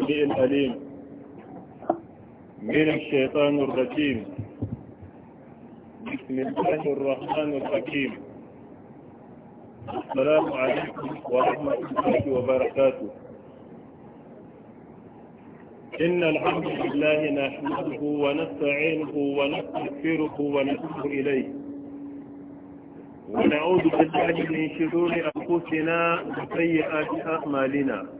السميع الأليم من الشيطان الرجيم بسم الله الرحمن الرحيم السلام عليكم ورحمة الله وبركاته إن الحمد لله نحمده ونستعينه ونستغفره ونتوب إليه ونعوذ بالله من شرور أنفسنا وسيئات أعمالنا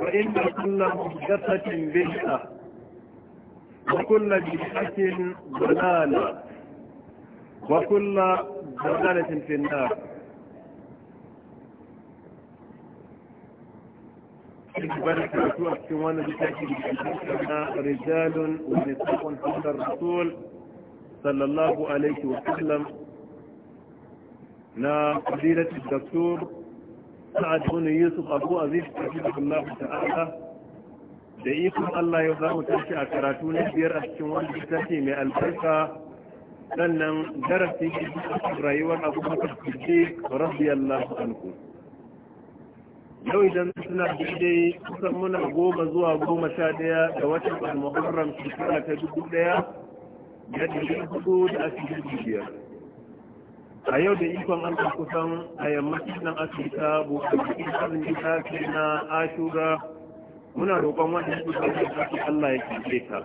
وإن كل محدثة بدعة وكل بدعة ضلالة وكل ضلالة في النار رجال ونساء حول الرسول صلى الله عليه وسلم نا فضيلة الدكتور sa'ad ibn yusuf abu aziz rahimahullah ta'ala da ikon Allah ya zamu tashi a karatu na biyar a cikin wani littafi mai albarka sannan darasi rayuwar abu bakar siddiq radiyallahu anhu yau idan suna daidai kusan muna goma zuwa goma sha daya da watan al-muharram shekara ta dubu daya da dubu hudu da asibiti biyar a yau da ikon Allah kusan a yammacin nan Afirka bukaci karin littafi na Ashura muna roƙon wannan bukaci da Allah ya kike ta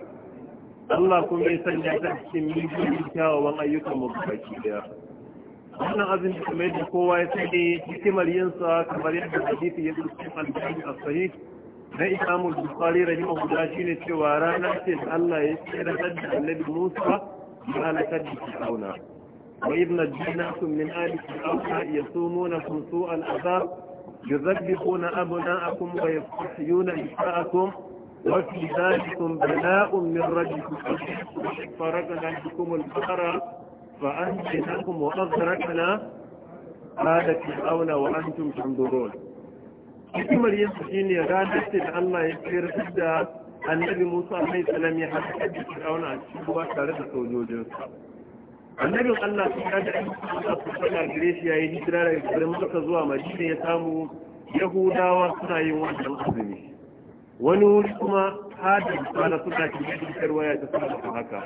Allah kuma ya sanya ta cikin miliyoyin kyawawan ayyukan mu baki daya wannan azumi kamar da kowa ya sani hikimar yin sa kamar yadda hadisi ya cikin al-Bukhari as na Imam Bukhari rahimahullah shine cewa ranar ce Allah ya tsira da Annabi Musa ya halaka da Fir'auna وإذ نجيناكم من آل فرعون يصومونكم سوء العذاب يذبحون أبناءكم ويستحيون نساءكم وفي ذلكم بلاء من ربكم فرجنا بكم البحر فأنجيناكم وأغرقنا آل فرعون وأنتم تنظرون hikimar yin su shine ranar ce da Allah ya tsirtar da annabi Musa alaihi salam ya haɗa da Fir'auna a cikin ruwa tare da sojojinsa annabin Allah sun kaji a cikin Allah gare shi yayi hijira daga garin Makka zuwa Madina ya samu Yahudawa suna yin wannan azumi wani wuri kuma hadin sana suna cikin karwaya ta sama haka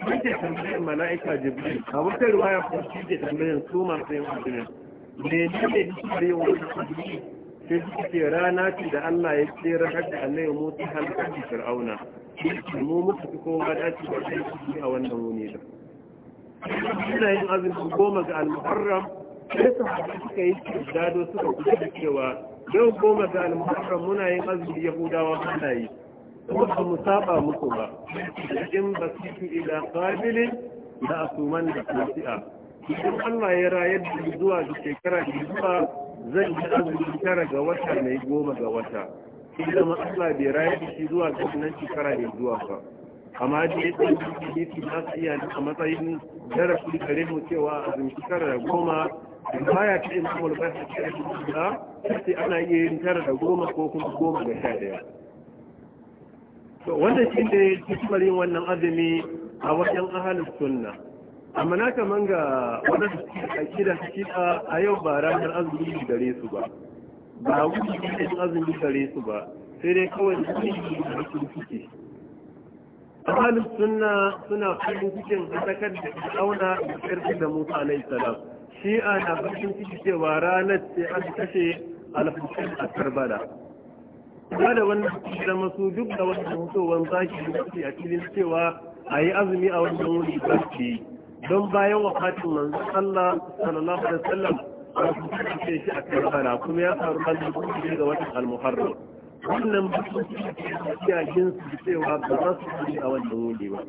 Sun ce tambayar mala'ika Jibril a wata riwaya ko sun ce tambayar su masu yin azumi ne ne ne da suka yi wannan azumi sai suka ce rana ce da Allah ya tsere haka Allah ya mutu halakar Fir'auna mu muka fi kowa dace da shi a wannan wuni da suna yin azumin goma ga al-muharram sai su haɗu suka yi dado suka kusa da cewa yau goma ga al-muharram muna yin azurfi yahudawa muna yi kuma ba mu saba muku ba in ba su fi ila qabilin da asuman da nasi'a idan Allah ya rayar da zuwa da shekara da zuwa zan yi azumin tara ga wata mai goma ga wata idan Allah bai rayar da shi zuwa ga nan shekara da zuwa ba amma da ya tsaye da su za su iya a matsayin darasi gare mu cewa a zinci tara da goma ya ce in kuma lubar da kira da sai ana iya yin tara da goma ko kuma goma da sha daya to wanda shi ne hikimar yin wannan azumi a wajen ahalin sunna amma na kaman ga wadanda a su ke a yau ba ranar azumi gare su ba ba wuce azumi gare su ba sai dai kawai da suke ahalus sunna suna farin cikin sakar da auna da karfi da musa alaihi salam shi'a na farin ciki cewa ranar ce an kashe alhussein a karbala ba da wannan zama su duk da wannan hutowar zaki da a filin cewa a yi azumi a wannan wuri barci don bayan wakatin manzon allah sallallahu alaihi wasallam a shi a karbala kuma ya faru ranar kuma ga watan al-muharram wannan bakin su cewa ba za su yi a wannan wuri ba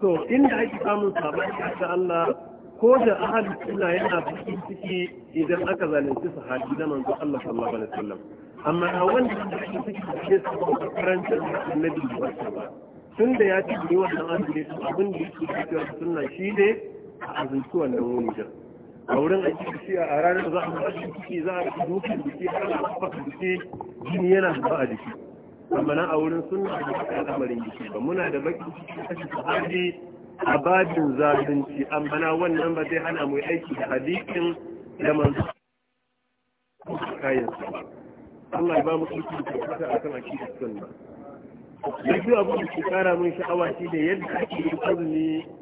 so inda ake samun sabon ta Allah ko da ahadu suna yana bakin ciki idan aka zalunci sahabi na manzo Allah sallallahu alaihi wasallam amma a wannan ake ciki da ke sabon karanta annabi ba tun da ya ci ne wannan azumi to abin da yake cewa sunna shi ne a azumci wannan wuri da a wurin aiki shi a ranar za a yi ciki za a yi dukin biki har a biki jini yana zuwa a jiki amma na a wurin suna da a al'amarin jiki ba muna da baki kashi sahabi a babin zalunci amma na wannan ba zai hana mai aiki da hadisin da manzo kayan su ba Allah ba mu da akan kan sunna da biyu abin da ke kara mun sha'awa shi da yadda ake azumi